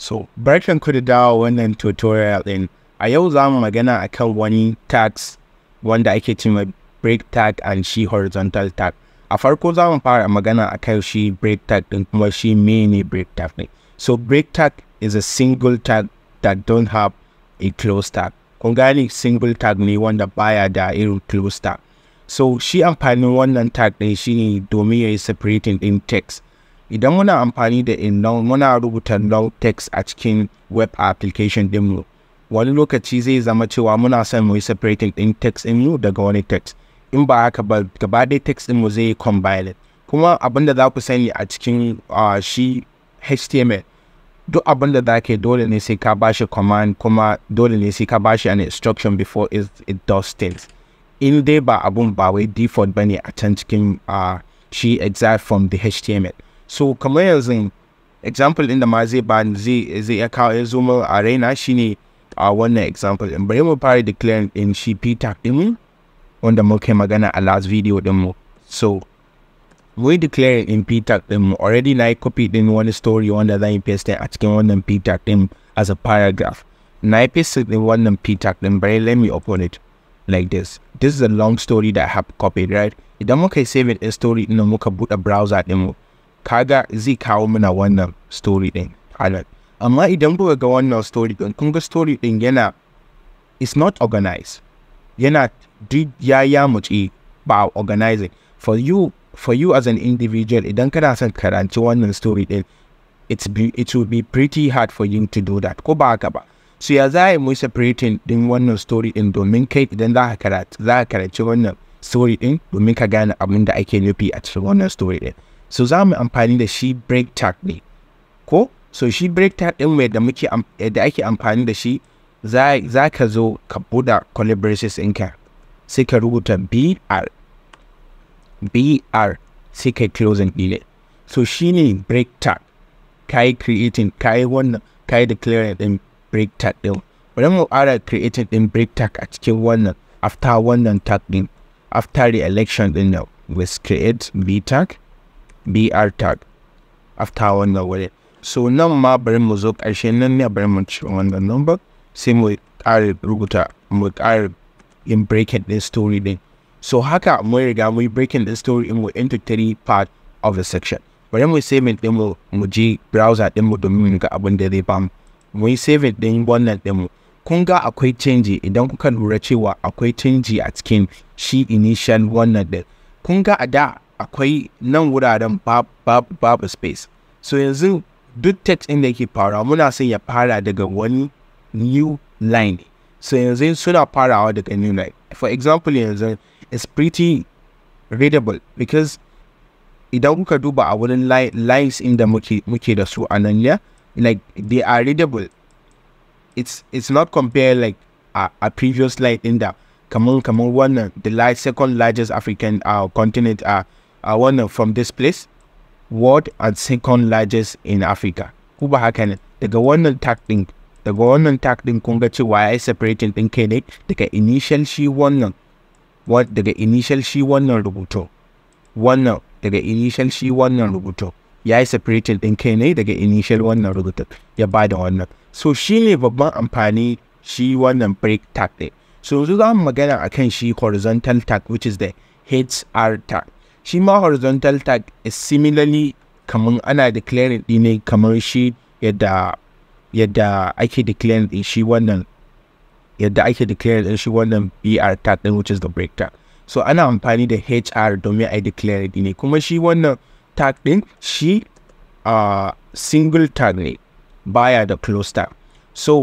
So, barkanku da dawo wannan tutorial ɗin. A yau za mu magana akan wani tax wanda ake cewa break tag and shi horizontal tag. A farko za mu fara magana akan shi break tag din kuma shi mene break tag ne. So, break tag is a single tag that don't have a close tag. Kun gane single tag ne wanda baya da irin close tag. So, shi amfanin wannan tag ɗin shine domin ya yi separating in text. idan muna amfani da inno muna rubuta long text a cikin web application dinmu wani lokaci zai zama cewa muna son mu yi separating din text mu daga wani text in ba haka ba gaba ɗaya text mu zai yi combined kuma abin da za ku sani a cikin shi html duk abin da zake dole ne sai ka bashi command kuma dole ne sai ka bashi an instruction before it, it does things in dai ba abun ba wai default bane a can cikin shi exact from the html so kama yanzu example ɗin da ma zai bani zai zai iya kawo ya zo a raina shine a wannan example ɗin bari mu fara da client shi peter ɗin wanda muka magana a last video ɗin mu so we declare in Peter din already na copy din one story wanda zan yi paste a cikin wannan Peter din as a paragraph na yi paste din wannan Peter din but let me open it like this this is a long story that i have copied right idan muka save it a story din muka buɗe browser din mu kaga zai kawo mana wannan story din anan amma idan kuka ga wannan story din kun ga story din yana is not organized yana duk ya ya muci ba organizing for you for you as an individual idan kana son karanci wannan story din it's be, it will be pretty hard for you to do that ko ba haka ba so ya za a yi separating din wannan story din domin kai idan za ka karanci wannan story din domin ka gane abin da ake nufi a cikin wannan story din so za mu amfani da shi break tag ne ko so shi break tag ɗin mai da muke da ake amfani da shi za ka zo ka buɗe collaborations ɗinka sai ka rubuta br br sai ka closing ɗin so shi ne break tag ka yi creating ka yi wannan ka yi declaring ɗin break tag ɗin bari mu ƙara creating ɗin break tag a cikin wannan after wannan tag ɗin after the election ɗin now we create b tag br tag after wannan wurin so nan ma bari mu zo ƙarshe nan ne bari mu ci wannan number sai mu ƙara rubuta mu ƙara in breaking this story din so haka mun riga mu breaking this story in mu into three part of the section bari mu saving din mu mu ji browser din mu domin ga abin da zai bamu mu yi saving din wannan din mu kun ga akwai canji idan kuka lura cewa akwai canji a cikin shi initial wannan din kun ga a da akwai nan wuraren babu babu space so yanzu duk text ɗin da yake farawa muna son ya fara daga wani new line so yanzu suna farawa daga new line for example yanzu it's pretty readable because idan kuka duba a wurin lines in da muke da su a nan ya like they are readable it's it's not compared like a, a previous line in da kamar kamar wannan the second largest african uh, continent uh, I want from this place world and second largest in Africa. Ku ba The ne daga wannan tag din daga wannan tag din kun ga cewa initial she separating din kai ne daga initial she wannan daga initial shi wannan rubutu wannan daga initial shi wannan rubutu ya yi separating din kai ne daga initial wannan rubutu ya ba da wannan so shi ne babban she shi wannan break tag so yanzu magana akan she horizontal tag which is the are tag shi ma horizontal tag is similarly kamar ana declaring ɗi ne kamar shi yadda yadda ake declaring ɗin shi wannan yadda ake declaring ɗin shi wannan BR tag ɗin which is the break tag so ana amfani da HR domin a declare ɗi ne kuma shi wannan tag din shi a single tag ne baya da close tag so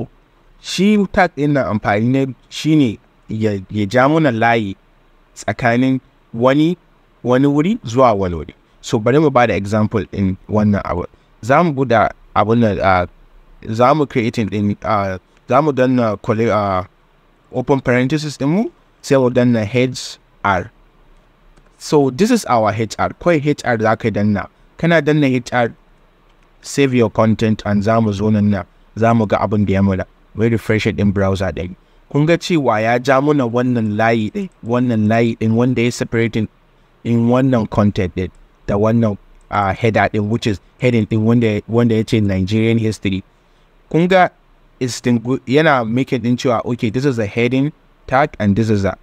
shi tag ɗin na amfani ne shine ya, ya ja mana layi tsakanin wani wani wuri zuwa wani wuri so bari mu ba example in wannan abu za mu buɗe abun da ah, za mu creating din ah, za mu danna ah, open parenthesis din mu sai mu danna hr so this is our hr kawai hr za ka danna kana danna hr save your content and za mu zo nan na za mu ga abin da ya mura wai refresh din browser din kun ga cewa ya ja muna wannan layi din wannan layi din wanda ya separating in wannan content din da wannan uh, header din which is heading din wanda wanda ya ce Nigerian history kun ga yana making din cewa okay this is a heading tag and this is a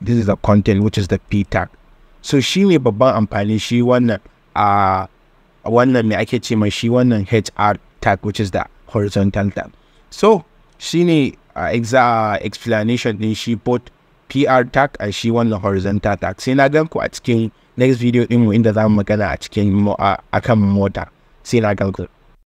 this is a content which is the p tag so shi ne babban amfani shi wannan uh, wannan me ake ce mai shi wannan hr tag which is the horizontal tag so shi ne uh, exa explanation din shi both PR tag a shi wannan horizontal tag sai na gan ku a cikin next video din mu inda za mu magana a cikin akan mota sai na gan ku